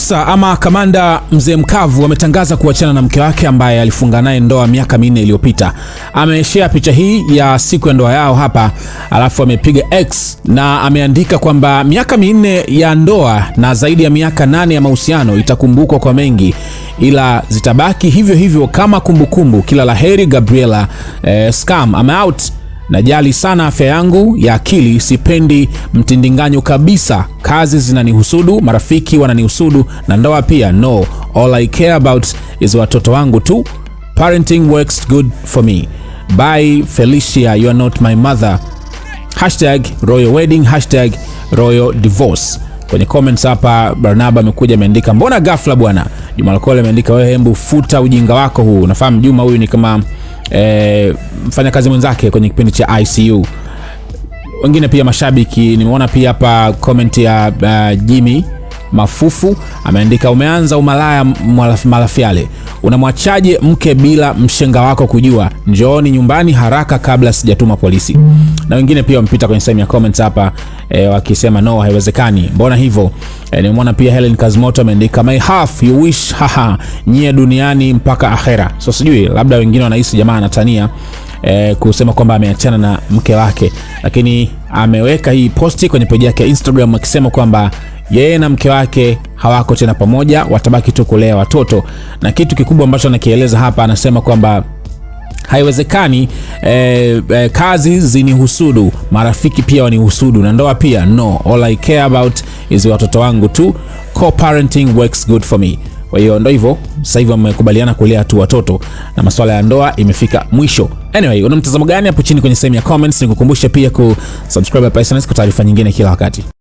Afisa ama Kamanda Mzee Mkavu ametangaza kuachana na mke wake ambaye alifunga naye ndoa miaka minne iliyopita. Ameshare picha hii ya siku ya ndoa yao hapa, alafu amepiga X na ameandika kwamba miaka minne ya ndoa na zaidi ya miaka nane ya mahusiano itakumbukwa kwa mengi, ila zitabaki hivyo hivyo kama kumbukumbu. Kila laheri Gabriela. Eh, scam I'm out. Najali sana afya yangu ya akili, sipendi mtindinganyo kabisa. Kazi zinanihusudu, marafiki wananihusudu na ndoa pia. No, all I care about is watoto wangu tu. Parenting works good for me. Bye Felicia, you are not my mother. Hashtag royal wedding, hashtag royal divorce. Kwenye comments hapa Barnaba amekuja ameandika, mbona ghafla bwana. Juma Lokole ameandika, wewe hembu futa ujinga wako huu. Nafahamu Juma huyu ni kama eh, mfanyakazi mwenzake kwenye kipindi cha ICU. Wengine pia mashabiki nimeona pia hapa comment ya uh, Jimmy Mafufu ameandika umeanza umalaya Malafyale, unamwachaje mke bila mshenga wako kujua? Njooni nyumbani haraka kabla sijatuma polisi. Na wengine pia wamepita kwenye sehemu ya comments hapa e, wakisema no, haiwezekani, mbona hivyo e. Eh, Nimeona pia Helen Kazimoto ameandika my half you wish, haha, nyie duniani mpaka akhera. So sijui labda wengine wanahisi jamaa anatania E, kusema kwamba ameachana na mke wake, lakini ameweka hii posti kwenye peji yake ya Instagram akisema kwamba yeye na mke wake hawako tena pamoja, watabaki tu kulea watoto. Na kitu kikubwa ambacho anakieleza hapa, anasema kwamba haiwezekani eh, eh, kazi zinihusudu, marafiki pia wanihusudu na ndoa pia. No, all I care about is watoto wangu tu. Co-parenting works good for me. Kwa hiyo ndo hivyo, sasa hivi wamekubaliana kulea tu watoto na masuala ya ndoa imefika mwisho. Anyway, una mtazamo gani hapo chini kwenye sehemu ya comments? Nikukumbushe pia kusubscribe hapa SnS kwa taarifa nyingine kila wakati.